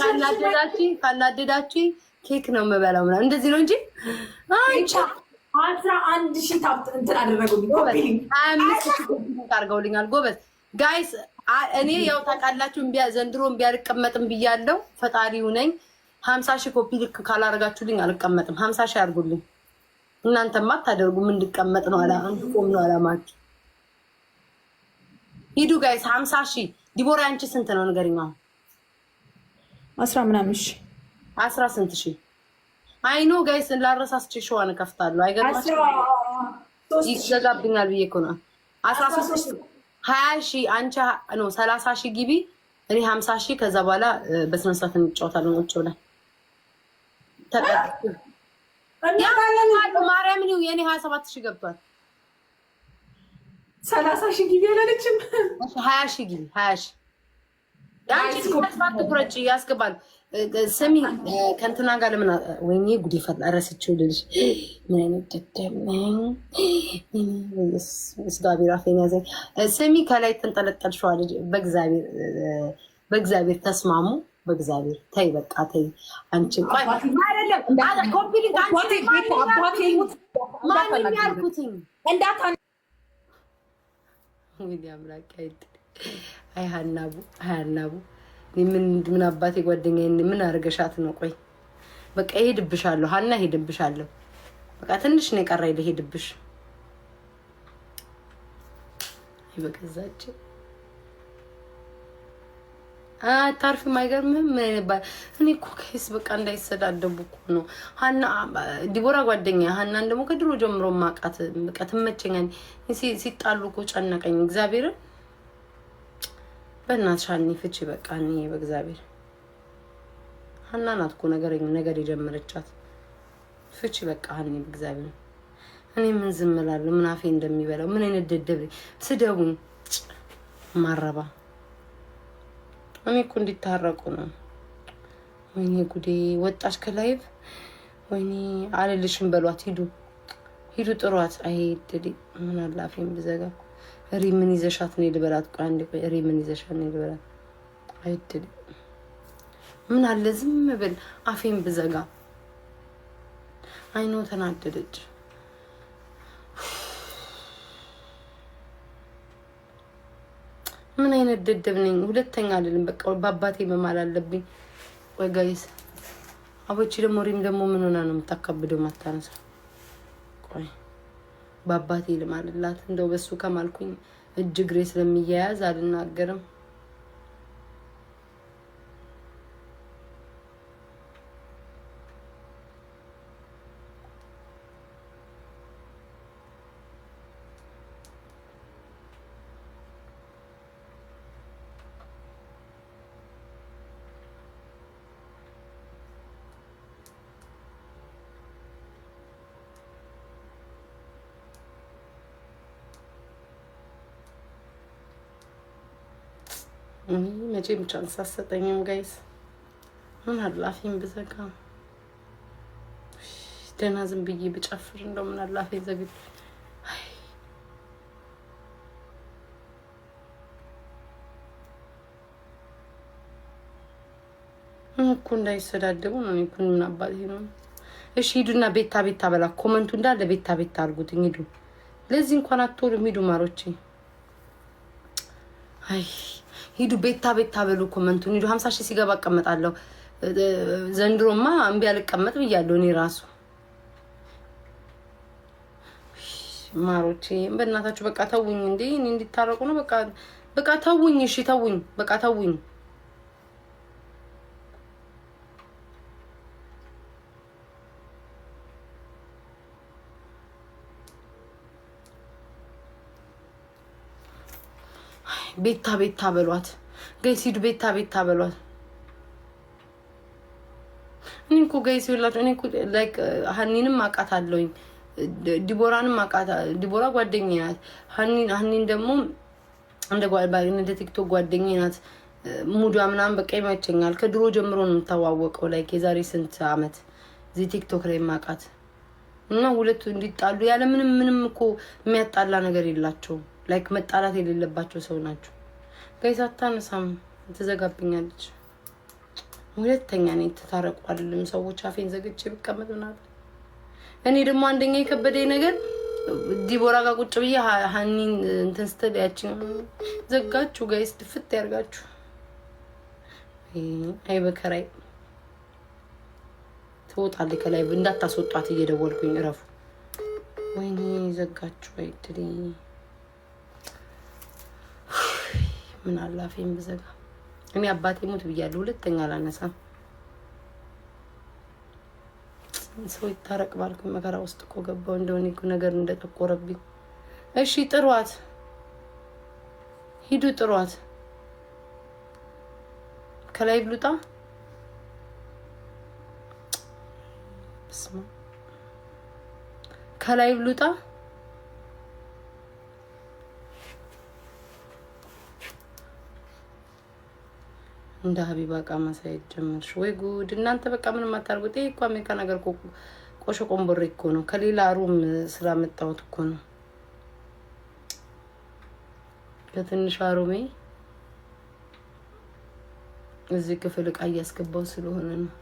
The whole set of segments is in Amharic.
ካናደዳችሁኝ ካናደዳችሁኝ ኬክ ነው የምበላው ምናምን እንደዚህ ነው እንጂ አስራ አንድ እንትን አደረጉልኝ። አድርገውልኛል። ጎበዝ ጋይስ፣ እኔ ያው ታውቃላችሁ ዘንድሮ እምቢ አልቀመጥም ብያለሁ። ፈጣሪው ነኝ። ሀምሳ ሺህ ኮፒ ልክ ካላረጋችሁልኝ አልቀመጥም። ሀምሳ ሺህ አድርጉልኝ። እናንተማ አታደርጉም። እንድቀመጥ ነው ነው አላማችሁ። ሂዱ ጋይስ፣ ሀምሳ ሺህ ዲቦራ፣ አንቺ ስንት ነው ንገሪኝ አሁን አስራ ምናምን ሺህ አስራ ስንት ሺህ አይኖ ጋይስ ላረሳስቼ ሸዋን እከፍታለሁ። አይገርማችሁም? ይገዛብኛል ብዬ እኮ ነው። አስራ ሶስት ሀያ ሺ አንቺ ነው ሰላሳ ሺ ግቢ እኔ ሀምሳ ሺ ከዛ በኋላ በስነ ስርዓት እንጫወታለን። ቁጭ ብለን ማርያምን ይኸው የእኔ ሀያ ሰባት ሺ ገብቷል። ሰላሳ ሺ ግቢ አላለችም። ሀያ ሺ ግቢ ሀያ ሺ ቁረጭ ያስገባል። ስሚ ከእንትና ጋር ለምን ወይኔ ጉድ ይፈላ ረስችው ምን አይነት ደደምስጋቢር አፌን ያዘኝ። ስሚ ከላይ ተንጠለጠልሸዋ ልጅ በእግዚአብሔር ተስማሙ። በእግዚአብሔር ተይ በቃ ተይ። አንቺ ማንም ያልኩትኝ እንዳታ አይ ሀናቡ አይ ምን አባቴ ጓደኛዬን ምን አርገሻት ነው? ቆይ በቃ ይሄድብሻለሁ፣ ሀና ይሄድብሻለሁ። በቃ ትንሽ ነው የቀረ ይሄድብሽ። ማይገርም ምን ባ እኔ እኮ ከስ በቃ እንዳይሰዳደቡ እኮ ነው። ሀና ዲቦራ ጓደኛ ሀናን ደግሞ ከድሮ ጀምሮ ማቃት በቃ ትመቸኛል። ሲጣሉ እኮ ጨነቀኝ እግዚአብሔርን በእናትሽ ሀኒ ፍቺ በቃ ሀኒ በእግዚአብሔር ሀና ናት እኮ ነገር ነገር የጀመረቻት ፍቺ በቃ ሀኒ በእግዚአብሔር እኔ ምን ዝም እላለሁ ምን አፌ እንደሚበላው ምን አይነት ደደብ ስደቡኝ ማረባ እኔ እኮ እንዲታረቁ ነው ወይኔ ጉዴ ወጣች ከላይቭ ወይኔ አልልሽም በሏት ሂዱ ሂዱ ጥሯት አይ ምን አላፊም ብዘጋ ሪምን ይዘሻት ነው ልበላት? ቆይ አንዴ፣ ቆይ ሪምን ይዘሻት ነው ልበላት? አይደለም ምን አለ ዝም ብል አፌን ብዘጋ። አይኖ ተናደደች። ምን አይነት ደደብ ነኝ? ሁለተኛ አይደለም በቃ በአባቴ መማል አለብኝ። ወይ ጋይስ አቦቺ ደግሞ ሪም ደግሞ ምን ሆና ነው የምታካብደው ማታነሳ? ቆይ በአባቴ ልማልላት እንደው በሱ ከማልኩኝ እጅ እግሬ ስለሚያያዝ አልናገርም። መቼም ቻንስ አሰጠኝም ጋይስ። ምን አላፊም ብዘጋ ደህና ዝም ብዬ ብጨፍር እንደው ምን አላፊ ዘግብ እኮ እንዳይሰዳደቡ ነው። እኔ እኮ ምን አባቴ ነው። እሺ ሂዱና ቤታ ቤታ በላ ኮመንቱ እንዳለ ቤታ ቤታ አድርጉትኝ። ሂዱ ለዚህ እንኳን አትወሉም። ሂዱ ማሮቼ አይ ሂዱ ቤታ ቤታ በሉ ኮመንቱን ሂዱ። ሀምሳ ሺህ ሲገባ እቀመጣለሁ። ዘንድሮማ እምቢ አልቀመጥ ብያለሁ። እኔ ራሱ ማሮቼ በእናታችሁ በቃ ተውኝ እንዴ! እኔ እንዲታረቁ ነው በቃ በቃ ተውኝ። እሺ ተውኝ፣ በቃ ተውኝ። ቤታ ቤታ በሏት ገይስ፣ ሂዱ ቤታ ቤታ በሏት። እኔ እኮ ገይስ ይላችሁ እኔ እኮ ላይክ ሀኒንም አቃት አለውኝ ዲቦራንም አቃት። ዲቦራ ጓደኛ ናት። ሀኒን ሀኒን ደግሞ እንደ እንደ ቲክቶክ ጓደኛ ናት። ሙዷ ምናምን በቃ ይመቸኛል። ከድሮ ጀምሮ ነው የምታዋወቀው። ላይክ የዛሬ ስንት አመት እዚህ ቲክቶክ ላይ ማቃት እና ሁለቱ እንዲጣሉ ያለ ምንም ምንም እኮ የሚያጣላ ነገር የላቸውም። ላይክ መጣላት የሌለባቸው ሰው ናቸው። ጋይስ አታነሳም፣ ትዘጋብኛለች። ሁለተኛ እኔ ተታረቁ አይደለም ሰዎች አፌን ዘግቼ ብቀመጥ ምናምን። እኔ ደግሞ አንደኛ የከበደኝ ነገር ዲቦራ ጋር ቁጭ ብዬ ሀኒን እንትን ስትል ያችን ዘጋችሁ ጋይስ፣ ድፍት ያርጋችሁ። አይ በከራይ ትወጣለች ከላይ እንዳታስወጧት እየደወልኩኝ እረፉ። ወይኔ ዘጋችሁ አይድልኝ ምን አላፊም ብዘጋ እኔ አባቴ ሞት ብያለሁ። ሁለተኛ አላነሳም። ሰው ይታረቅ ባልኩ መከራ ውስጥ እኮ ገባው እንደሆነ ነገር እንደጠቆረብኝ። እሺ ጥሯት፣ ሂዱ ጥሯት። ከላይ ብሉጣ ከላይ ብሉጣ እንደ ሀቢባ እቃ ማሳየት ጀመርሽ ወይ ጉድ! እናንተ በቃ ምንም አታርጉት። ይህ እኮ አሜሪካን ነገር ቆሾ ቆንቦሬ እኮ ነው። ከሌላ ሩም ስላመጣሁት እኮ ነው። ከትንሿ ሩሜ እዚህ ክፍል እቃ እያስገባው ስለሆነ ነው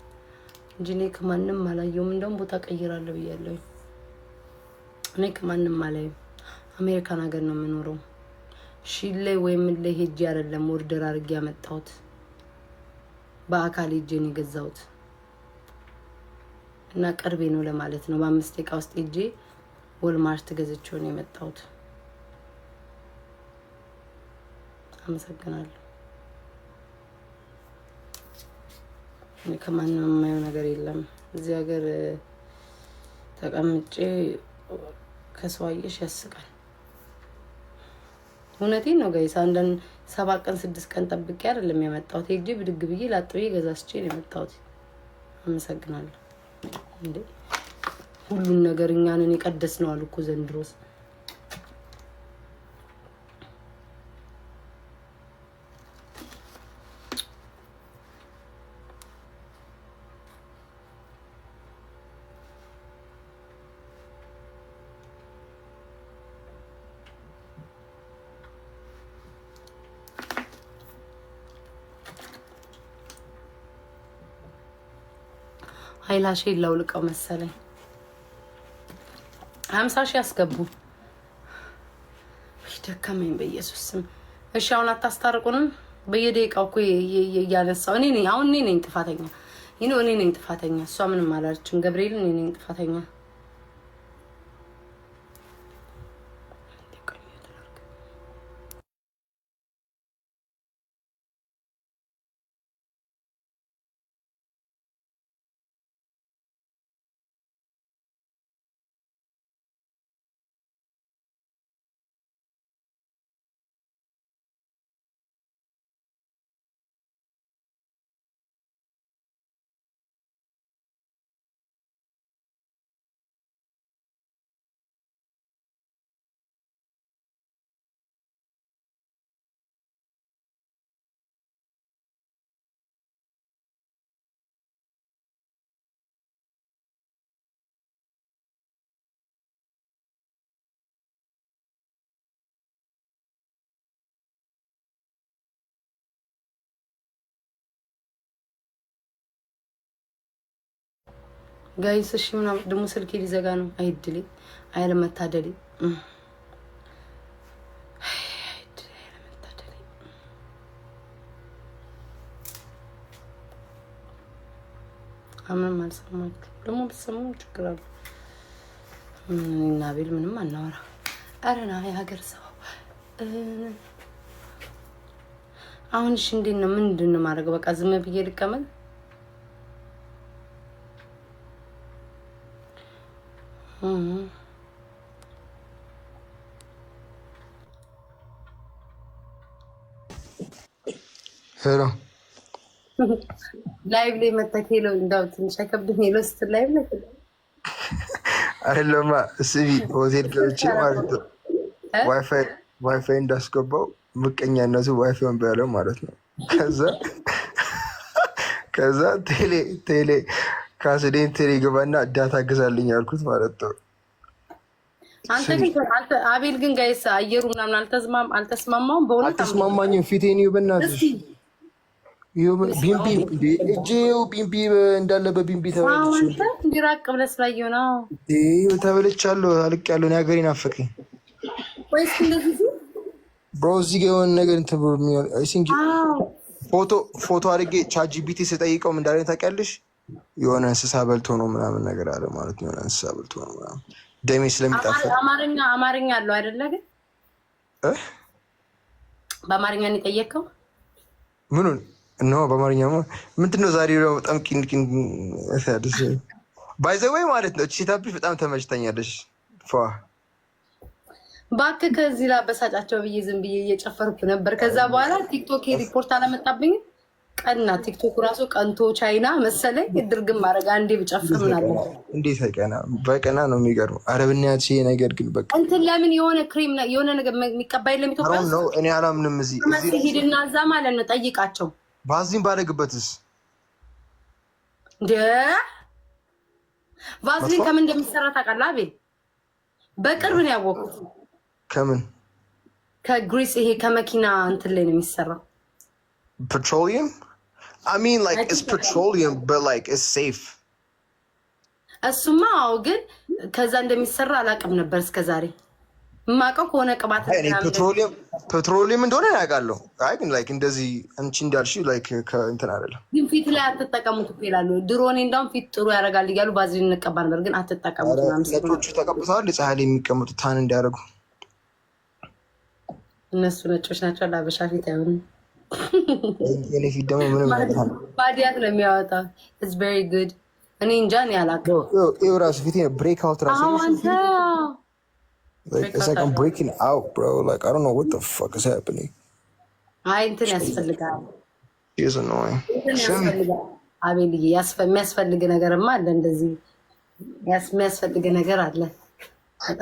እንጂ እኔ ከማንም አላየውም። እንደውም ቦታ ቀይራለሁ ብያለሁ። እኔ ከማንም ማላየ አሜሪካን ሀገር ነው የምኖረው። ሺሌ ወይም ለሄጅ አይደለም ወርደር አድርጌ ያመጣሁት። በአካል እጄን የገዛሁት እና ቅርቤ ነው ለማለት ነው። በአምስት ደቂቃ ውስጥ እጄ ወልማርት ገዝቼው ነው የመጣሁት። አመሰግናለሁ። ከማንም የማየው ነገር የለም። እዚህ ሀገር ተቀምጬ ከሰው አየሽ ያስቃል። እውነቴን ነው ጋይስ አንዳንድ ሰባት ቀን ስድስት ቀን ጠብቄ አይደለም የመጣሁት። ሄጂ ብድግ ብዬ ላጥ ብዬ ገዛስቼ ነው የመጣሁት። አመሰግናለሁ። እንዴ ሁሉን ነገር እኛንን የቀደስ ነው አልኩ ዘንድሮስ ሀይላሽ ላውልቀው መሰለኝ። ሀምሳ ሺህ አስገቡ። ደከመኝ በኢየሱስ ስም። እሺ አሁን አታስታርቁንም? በየደቂቃው እኮ እያነሳው እኔ ነኝ። አሁን እኔ ነኝ ጥፋተኛ። ይህ እኔ ነኝ ጥፋተኛ፣ እሷ ምንም አላለችም። ገብርኤል እኔ ነኝ ጥፋተኛ ጋይስ እሺ ምናምን ደግሞ ስልኬ ሊዘጋ ነው። አይድሌ አይለመታደሌ አምንም አልሰማችሁ ደግሞ ብትሰሙም ችግር አለ እና ቤል ምንም አናወራ። አረና የሀገር ሰው አሁን እሺ፣ እንዴት ነው ምንድን ነው ማድረግ? በቃ ዝም ብዬ ልቀመጥ ሄሎ ላይቭ ላይ መታ ሄሎ፣ እንዳው ትንሽ አይከብድም? ሄሎ ስትል ላይቭ ላይ አይለማ ስቢ ሆቴል ገብቼ ማለት ነው ዋይፋይ እንዳስገባው ምቀኛነቱ ዋይፋይን በያለው ማለት ነው። ከዛ ከዛ ቴሌ ቴሌ ከአስደንትሬ ገባና እዳታ ግዛልኝ ያልኩት ማለት ነው። አቤል ግን ጋይስ አየሩ ምናምን አልተስማም አልተስማማውም። በሆነ አልተስማማኝም። ፊቴን በእናትሽ ቢምቢ እጄው ቢምቢ እንዳለ በቢምቢ ተበልቼ እንዲራቅ ብለህ ስላየው ነው ተበልቻለሁ። አልቅ ያለውን የሀገር ናፈቀኝ። ብሮ እዚህ ጋ የሆነ ነገር ፎቶ ፎቶ አድርጌ ቻት ጂፒቲ ስጠይቀው እንዳለኝ ታውቂያለሽ የሆነ እንስሳ በልቶ ነው ምናምን ነገር አለ ማለት ነው። የሆነ እንስሳ በልቶ ነው ምናምን ደሜ ስለሚጣፍጥ አማርኛ አማርኛ አለው አይደለ? ግን በአማርኛ ነው የጠየቅከው? ምኑን እነ በአማርኛ ዛሬ ነው በጣም ቂንቂን ያለች ባይዘወይ ማለት ነው። ሴታብሽ በጣም ተመችተኛለች። ፏ ባክ ከዚህ ላበሳጫቸው ብዬ ዝም ብዬ እየጨፈርኩ ነበር። ከዛ በኋላ ቲክቶክ ሪፖርት አላመጣብኝም ቀና ቲክቶክ ራሱ ቀንቶ ቻይና መሰለኝ ድርግም ማድረግ አንዴ ብጨፍር ምናምን እንዴት ቀና በቀና ነው የሚገርመው። አረብናያት ያቺ ነገር ግን በቃ እንትን ለምን የሆነ ክሬም የሆነ ነገር የሚቀባይ ለሚቶቃ ነው። እኔ አላምንም። እዚህ ሄድና እዛ ማለት ነው ጠይቃቸው። ባዚን ባደግበትስ እንደ ቫዝሊን ከምን እንደሚሰራ ታውቃለህ? አቤል በቅርብ ነው ያወቅሁት። ከምን ከግሪስ ይሄ ከመኪና እንትን ላይ ነው የሚሰራው ፔትሮሊየም I mean like it's petroleum but like it's safe እሱማ አዎ ግን ከዛ እንደሚሰራ አላውቅም ነበር እስከዛሬ የማውቀው ከሆነ ቅባት ፔትሮሊየም እንደሆነ ያውቃለሁ አይ ግን ላይክ እንደዚህ አንቺ እንዳልሽ ላይክ እንትን አይደለም ግን ፊት ላይ አትጠቀሙት ይላሉ ድሮ እኔ እንዳውም ፊት ጥሩ ያደርጋል እያሉ ባዝሊን እንቀባ ነበር ግን አትጠቀሙት ተቀብተዋል የፀሐይ ላይ የሚቀመጡት ታን እንዲያደርጉ እነሱ ነጮች ናቸው ለአበሻ ፊት አይሆንም የፊት ደግሞ ምንም ባዲያት ነው የሚያወጣ። ኢትስ ቬሪ ጉድ። እኔ እንጃ ነው ያላቀው። ይኸው ራሱ ፊት ብሬክ አውት ራሱ አይ እንትን ያስፈልጋል። አቤልዬ የሚያስፈልግ ነገርማ አለ። እንደዚህ የሚያስፈልግ ነገር አለ በጣም